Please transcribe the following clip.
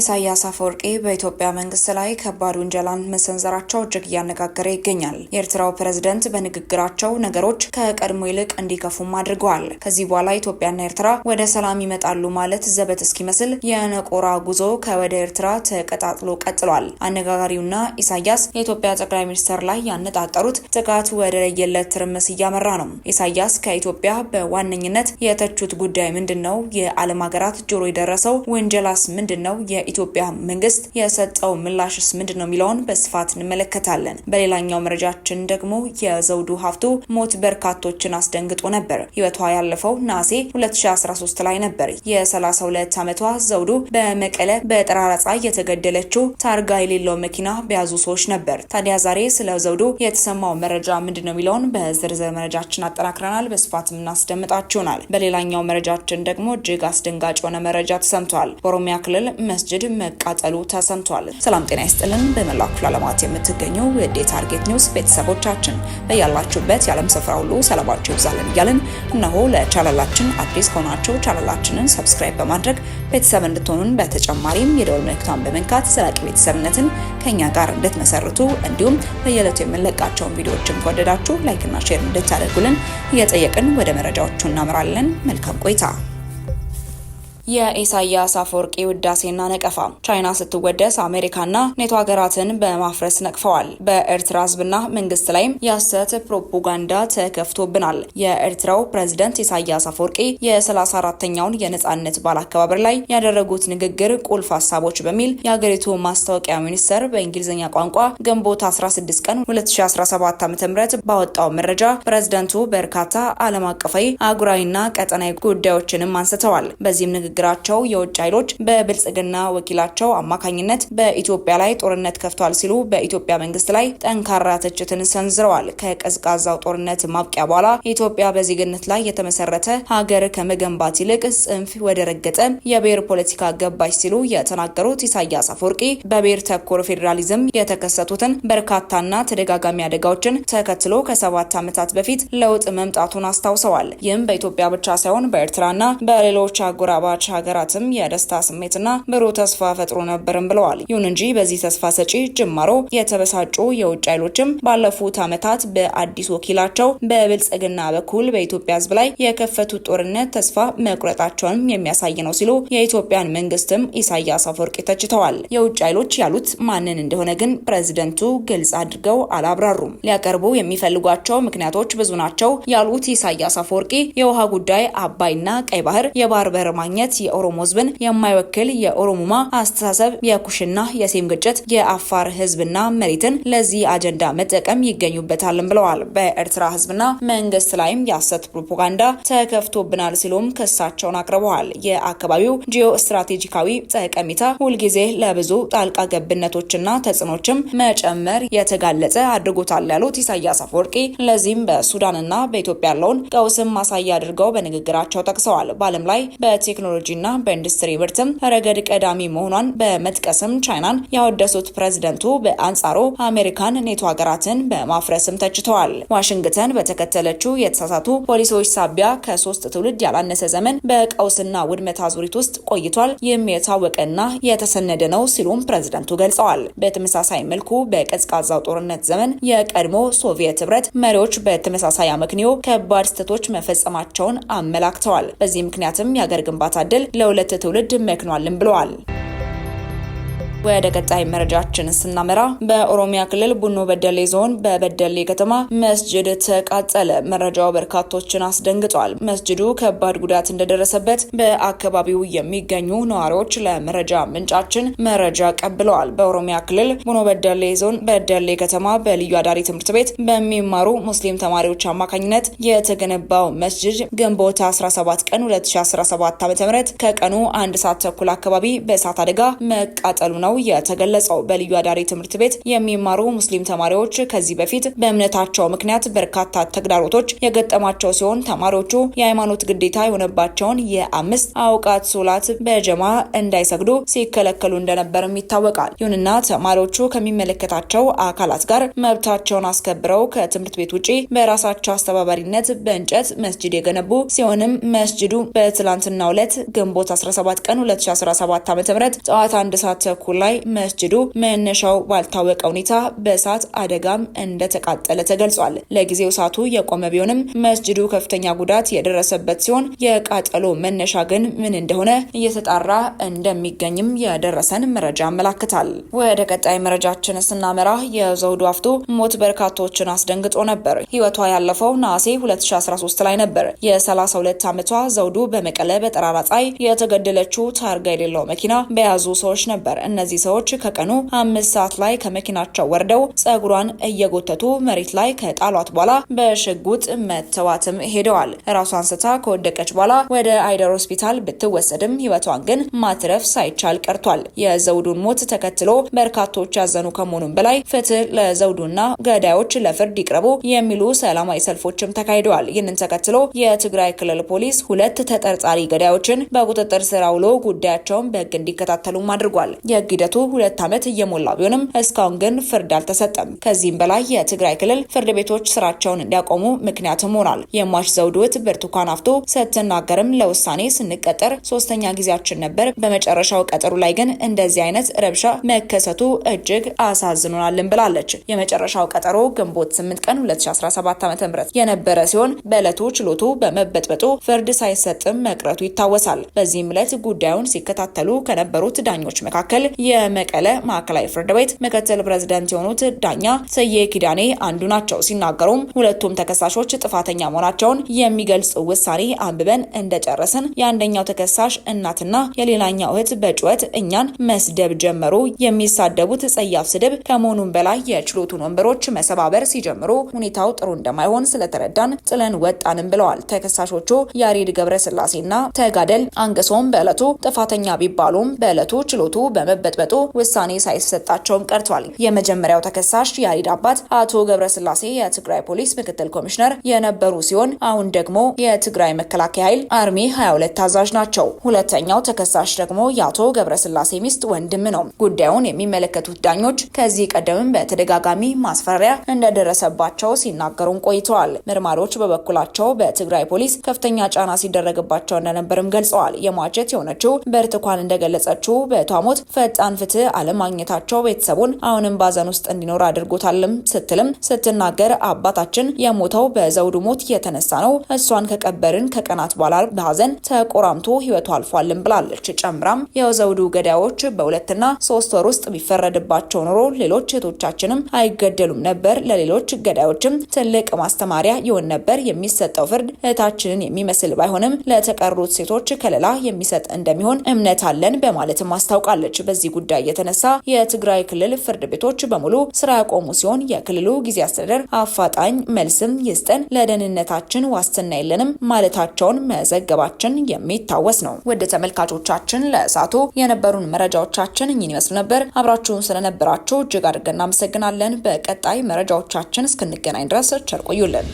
ኢሳያስ አፈወርቄ በኢትዮጵያ መንግስት ላይ ከባድ ውንጀላን መሰንዘራቸው እጅግ እያነጋገረ ይገኛል። የኤርትራው ፕሬዝደንት በንግግራቸው ነገሮች ከቀድሞ ይልቅ እንዲከፉም አድርገዋል። ከዚህ በኋላ ኢትዮጵያና ኤርትራ ወደ ሰላም ይመጣሉ ማለት ዘበት እስኪመስል የነቆራ ጉዞ ከወደ ኤርትራ ተቀጣጥሎ ቀጥሏል። አነጋጋሪውና ኢሳያስ የኢትዮጵያ ጠቅላይ ሚኒስትር ላይ ያነጣጠሩት ጥቃት ወደ ለየለት ትርምስ እያመራ ነው። ኢሳያስ ከኢትዮጵያ በዋነኝነት የተቹት ጉዳይ ምንድን ነው? የዓለም ሀገራት ጆሮ የደረሰው ውንጀላስ ምንድን ነው? የኢትዮጵያ መንግስት የሰጠው ምላሽስ ምንድን ነው የሚለውን በስፋት እንመለከታለን። በሌላኛው መረጃችን ደግሞ የዘውዱ ሀብቱ ሞት በርካቶችን አስደንግጦ ነበር። ህይወቷ ያለፈው ነሐሴ 2013 ላይ ነበር። የ32 ዓመቷ ዘውዱ በመቀለ በጠራራ ፀሐይ የተገደለችው ታርጋ የሌለው መኪና በያዙ ሰዎች ነበር። ታዲያ ዛሬ ስለ ዘውዱ የተሰማው መረጃ ምንድን ነው የሚለውን በዝርዝር መረጃችን አጠናክረናል። በስፋት የምናስደምጣችሁናል። በሌላኛው መረጃችን ደግሞ እጅግ አስደንጋጭ የሆነ መረጃ ተሰምቷል። በኦሮሚያ ክልል መስጅ መስጅድ መቃጠሉ ተሰምቷል። ሰላም ጤና ይስጥልን። በመላ ክፍለ ዓለማት የምትገኙ የዴ ታርጌት ኒውስ ቤተሰቦቻችን በያላችሁበት የዓለም ስፍራ ሁሉ ሰላማችሁ ይብዛልን እያልን እነሆ ለቻናላችን አዲስ ከሆናችሁ ቻናላችንን ሰብስክራይብ በማድረግ ቤተሰብ እንድትሆኑን በተጨማሪም የደወል ምልክቷን በመንካት ዘላቂ ቤተሰብነትን ከእኛ ጋር እንድትመሰርቱ እንዲሁም በየዕለቱ የምንለቃቸውን ቪዲዮዎችን ከወደዳችሁ ላይክና ሼር እንድታደርጉልን እየጠየቅን ወደ መረጃዎቹ እናምራለን። መልካም ቆይታ የኢሳያስ አፈወርቂ ውዳሴና ነቀፋ ቻይና ስትወደስ አሜሪካና ኔቶ ሀገራትን በማፍረስ ነቅፈዋል። በኤርትራ ህዝብና መንግስት ላይም የሐሰት ፕሮፓጋንዳ ተከፍቶብናል። የኤርትራው ፕሬዝደንት ኢሳያስ አፈወርቂ የ34ተኛውን የነጻነት በዓል አከባበር ላይ ያደረጉት ንግግር ቁልፍ ሀሳቦች በሚል የሀገሪቱ ማስታወቂያ ሚኒስቴር በእንግሊዝኛ ቋንቋ ግንቦት 16 ቀን 2017 ዓ.ም ባወጣው መረጃ ፕሬዝደንቱ በርካታ ዓለም አቀፋዊ አህጉራዊና ቀጠናዊ ጉዳዮችንም አንስተዋል። በዚህም ንግግር ንግግራቸው የውጭ ኃይሎች በብልጽግና ወኪላቸው አማካኝነት በኢትዮጵያ ላይ ጦርነት ከፍቷል ሲሉ በኢትዮጵያ መንግስት ላይ ጠንካራ ትችትን ሰንዝረዋል። ከቀዝቃዛው ጦርነት ማብቂያ በኋላ ኢትዮጵያ በዜግነት ላይ የተመሰረተ ሀገር ከመገንባት ይልቅ ጽንፍ ወደ ረገጠ የብሔር ፖለቲካ ገባች ሲሉ የተናገሩት ኢሳያስ አፈወርቂ በብሔር ተኮር ፌዴራሊዝም የተከሰቱትን በርካታና ተደጋጋሚ አደጋዎችን ተከትሎ ከሰባት ዓመታት በፊት ለውጥ መምጣቱን አስታውሰዋል። ይህም በኢትዮጵያ ብቻ ሳይሆን በኤርትራና በሌሎች አጎራባች ተመራጭ ሀገራትም የደስታ ስሜትና ብሩህ ተስፋ ፈጥሮ ነበርም ብለዋል። ይሁን እንጂ በዚህ ተስፋ ሰጪ ጅማሮ የተበሳጩ የውጭ ኃይሎችም ባለፉት ዓመታት በአዲስ ወኪላቸው በብልጽግና በኩል በኢትዮጵያ ሕዝብ ላይ የከፈቱት ጦርነት ተስፋ መቁረጣቸውንም የሚያሳይ ነው ሲሉ የኢትዮጵያን መንግስትም ኢሳያስ አፈወርቂ ተችተዋል። የውጭ ኃይሎች ያሉት ማንን እንደሆነ ግን ፕሬዝደንቱ ግልጽ አድርገው አላብራሩም። ሊያቀርቡ የሚፈልጓቸው ምክንያቶች ብዙ ናቸው ያሉት ኢሳያስ አፈወርቂ የውሃ ጉዳይ፣ አባይና ቀይ ባህር፣ የባህር በር ማግኘት፣ አይነት የኦሮሞ ህዝብን የማይወክል የኦሮሞማ አስተሳሰብ፣ የኩሽና የሴም ግጭት፣ የአፋር ህዝብና መሬትን ለዚህ አጀንዳ መጠቀም ይገኙበታልም ብለዋል። በኤርትራ ህዝብና መንግስት ላይም የሐሰት ፕሮፓጋንዳ ተከፍቶብናል ሲሉም ክሳቸውን አቅርበዋል። የአካባቢው ጂኦ ስትራቴጂካዊ ጠቀሜታ ሁልጊዜ ለብዙ ጣልቃ ገብነቶችና ተጽዕኖችም መጨመር የተጋለጸ አድርጎታል ያሉት ኢሳያስ አፈወርቂ ለዚህም በሱዳንና በኢትዮጵያ ያለውን ቀውስም ማሳያ አድርገው በንግግራቸው ጠቅሰዋል። በዓለም ላይ በቴክኖሎጂ በቴክኖሎጂና በኢንዱስትሪ ምርትም ረገድ ቀዳሚ መሆኗን በመጥቀስም ቻይናን ያወደሱት ፕሬዝደንቱ በአንጻሩ አሜሪካን ኔቶ ሀገራትን በማፍረስም ተችተዋል። ዋሽንግተን በተከተለችው የተሳሳቱ ፖሊሲዎች ሳቢያ ከሶስት ትውልድ ያላነሰ ዘመን በቀውስና ውድመት አዙሪት ውስጥ ቆይቷል። ይህም የታወቀና የተሰነደ ነው ሲሉም ፕሬዝደንቱ ገልጸዋል። በተመሳሳይ መልኩ በቀዝቃዛው ጦርነት ዘመን የቀድሞ ሶቪየት ህብረት መሪዎች በተመሳሳይ አመክንዮ ከባድ ስህተቶች መፈጸማቸውን አመላክተዋል። በዚህ ምክንያትም የአገር ግንባታ እድል ለሁለት ትውልድ መክኗልም ብለዋል። ወደ ቀጣይ መረጃችን ስናመራ በኦሮሚያ ክልል ቡኖ በደሌ ዞን በበደሌ ከተማ መስጅድ ተቃጠለ። መረጃው በርካቶችን አስደንግጧል። መስጅዱ ከባድ ጉዳት እንደደረሰበት በአካባቢው የሚገኙ ነዋሪዎች ለመረጃ ምንጫችን መረጃ ቀብለዋል። በኦሮሚያ ክልል ቡኖ በደሌ ዞን በደሌ ከተማ በልዩ አዳሪ ትምህርት ቤት በሚማሩ ሙስሊም ተማሪዎች አማካኝነት የተገነባው መስጅድ ግንቦት 17 ቀን 2017 ዓ.ም ከቀኑ አንድ ሰዓት ተኩል አካባቢ በእሳት አደጋ መቃጠሉ ነው ነው የተገለጸው። በልዩ አዳሪ ትምህርት ቤት የሚማሩ ሙስሊም ተማሪዎች ከዚህ በፊት በእምነታቸው ምክንያት በርካታ ተግዳሮቶች የገጠማቸው ሲሆን ተማሪዎቹ የሃይማኖት ግዴታ የሆነባቸውን የአምስት አውቃት ሶላት በጀማ እንዳይሰግዱ ሲከለከሉ እንደነበርም ይታወቃል። ይሁንና ተማሪዎቹ ከሚመለከታቸው አካላት ጋር መብታቸውን አስከብረው ከትምህርት ቤት ውጪ በራሳቸው አስተባባሪነት በእንጨት መስጅድ የገነቡ ሲሆንም መስጅዱ በትላንትናው ዕለት ግንቦት 17 ቀን 2017 ም ጠዋት አንድ ሰዓት ተኩል ላይ መስጅዱ መነሻው ባልታወቀ ሁኔታ በእሳት አደጋም እንደተቃጠለ ተገልጿል። ለጊዜው እሳቱ የቆመ ቢሆንም መስጅዱ ከፍተኛ ጉዳት የደረሰበት ሲሆን የቃጠሎ መነሻ ግን ምን እንደሆነ እየተጣራ እንደሚገኝም የደረሰን መረጃ አመላክታል። ወደ ቀጣይ መረጃችን ስናመራ የዘውዱ አፍቶ ሞት በርካቶችን አስደንግጦ ነበር። ህይወቷ ያለፈው ነሐሴ 2013 ላይ ነበር። የ32 ዓመቷ ዘውዱ በመቀለ በጠራራ ፀሐይ የተገደለችው ታርጋ የሌለው መኪና በያዙ ሰዎች ነበር። እነዚህ ሰዎች ከቀኑ አምስት ሰዓት ላይ ከመኪናቸው ወርደው ጸጉሯን እየጎተቱ መሬት ላይ ከጣሏት በኋላ በሽጉጥ መተዋትም ሄደዋል። ራሷን ስታ ከወደቀች በኋላ ወደ አይደር ሆስፒታል ብትወሰድም ህይወቷን ግን ማትረፍ ሳይቻል ቀርቷል። የዘውዱን ሞት ተከትሎ በርካቶች ያዘኑ ከመሆኑም በላይ ፍትህ ለዘውዱና ገዳዮች ለፍርድ ይቅረቡ የሚሉ ሰላማዊ ሰልፎችም ተካሂደዋል። ይህንን ተከትሎ የትግራይ ክልል ፖሊስ ሁለት ተጠርጣሪ ገዳዮችን በቁጥጥር ስር አውሎ ጉዳያቸውን በህግ እንዲከታተሉም አድርጓል። የህግ ሂደቱ ሁለት ዓመት እየሞላ ቢሆንም እስካሁን ግን ፍርድ አልተሰጠም። ከዚህም በላይ የትግራይ ክልል ፍርድ ቤቶች ስራቸውን እንዲያቆሙ ምክንያትም ሆናል። የሟች ዘውድወት ብርቱካን አፍቶ ስትናገርም ለውሳኔ ስንቀጠር ሶስተኛ ጊዜያችን ነበር፣ በመጨረሻው ቀጠሩ ላይ ግን እንደዚህ አይነት ረብሻ መከሰቱ እጅግ አሳዝኖናልን ብላለች። የመጨረሻው ቀጠሮ ግንቦት 8 ቀን 2017 ዓ.ም የነበረ ሲሆን በዕለቱ ችሎቱ በመበጥበጡ ፍርድ ሳይሰጥም መቅረቱ ይታወሳል። በዚህም ዕለት ጉዳዩን ሲከታተሉ ከነበሩት ዳኞች መካከል የመቀለ ማዕከላዊ ፍርድ ቤት ምክትል ፕሬዝደንት የሆኑት ዳኛ ስዬ ኪዳኔ አንዱ ናቸው። ሲናገሩም ሁለቱም ተከሳሾች ጥፋተኛ መሆናቸውን የሚገልጽ ውሳኔ አንብበን እንደጨረስን የአንደኛው ተከሳሽ እናትና የሌላኛው እህት በጩኸት እኛን መስደብ ጀመሩ። የሚሳደቡት ጸያፍ ስድብ ከመሆኑም በላይ የችሎቱን ወንበሮች መሰባበር ሲጀምሩ ሁኔታው ጥሩ እንደማይሆን ስለተረዳን ጥለን ወጣንም ብለዋል። ተከሳሾቹ ያሬድ ገብረስላሴና ተጋደል አንገሶም በዕለቱ ጥፋተኛ ቢባሉም በዕለቱ ችሎቱ በመበ መበጥበጡ ውሳኔ ሳይሰጣቸውም ቀርቷል። የመጀመሪያው ተከሳሽ የያሬድ አባት አቶ ገብረስላሴ የትግራይ ፖሊስ ምክትል ኮሚሽነር የነበሩ ሲሆን አሁን ደግሞ የትግራይ መከላከያ ኃይል አርሚ 22 ታዛዥ ናቸው። ሁለተኛው ተከሳሽ ደግሞ የአቶ ገብረስላሴ ሚስት ወንድም ነው። ጉዳዩን የሚመለከቱት ዳኞች ከዚህ ቀደምም በተደጋጋሚ ማስፈራሪያ እንደደረሰባቸው ሲናገሩም ቆይተዋል። መርማሪዎች በበኩላቸው በትግራይ ፖሊስ ከፍተኛ ጫና ሲደረግባቸው እንደነበርም ገልጸዋል። የሟቸት የሆነችው ብርቱካን እንደገለጸችው በቷሞት ፈጣ ፈጣን ፍትህ አለማግኘታቸው ቤተሰቡን አሁንም ባዘን ውስጥ እንዲኖር አድርጎታልም ስትልም ስትናገር አባታችን የሞተው በዘውዱ ሞት የተነሳ ነው። እሷን ከቀበርን ከቀናት በኋላ በሀዘን ተቆራምቶ ህይወቱ አልፏልም ብላለች። ጨምራም የዘውዱ ገዳዮች በሁለትና ሶስት ወር ውስጥ ቢፈረድባቸው ኖሮ ሌሎች እህቶቻችንም አይገደሉም ነበር። ለሌሎች ገዳዮችም ትልቅ ማስተማሪያ ይሆን ነበር። የሚሰጠው ፍርድ እህታችንን የሚመስል ባይሆንም ለተቀሩት ሴቶች ከለላ የሚሰጥ እንደሚሆን እምነት አለን በማለትም አስታውቃለች። በዚህ ጉዳይ የተነሳ የትግራይ ክልል ፍርድ ቤቶች በሙሉ ስራ ያቆሙ ሲሆን የክልሉ ጊዜ አስተዳደር አፋጣኝ መልስም ይስጠን፣ ለደህንነታችን ዋስትና የለንም ማለታቸውን መዘገባችን የሚታወስ ነው። ወደ ተመልካቾቻችን ለእሳቱ የነበሩን መረጃዎቻችን እኚህን ይመስሉ ነበር። አብራችሁን ስለነበራችሁ እጅግ አድርገን እናመሰግናለን። በቀጣይ መረጃዎቻችን እስክንገናኝ ድረስ ቸር ቆዩልን።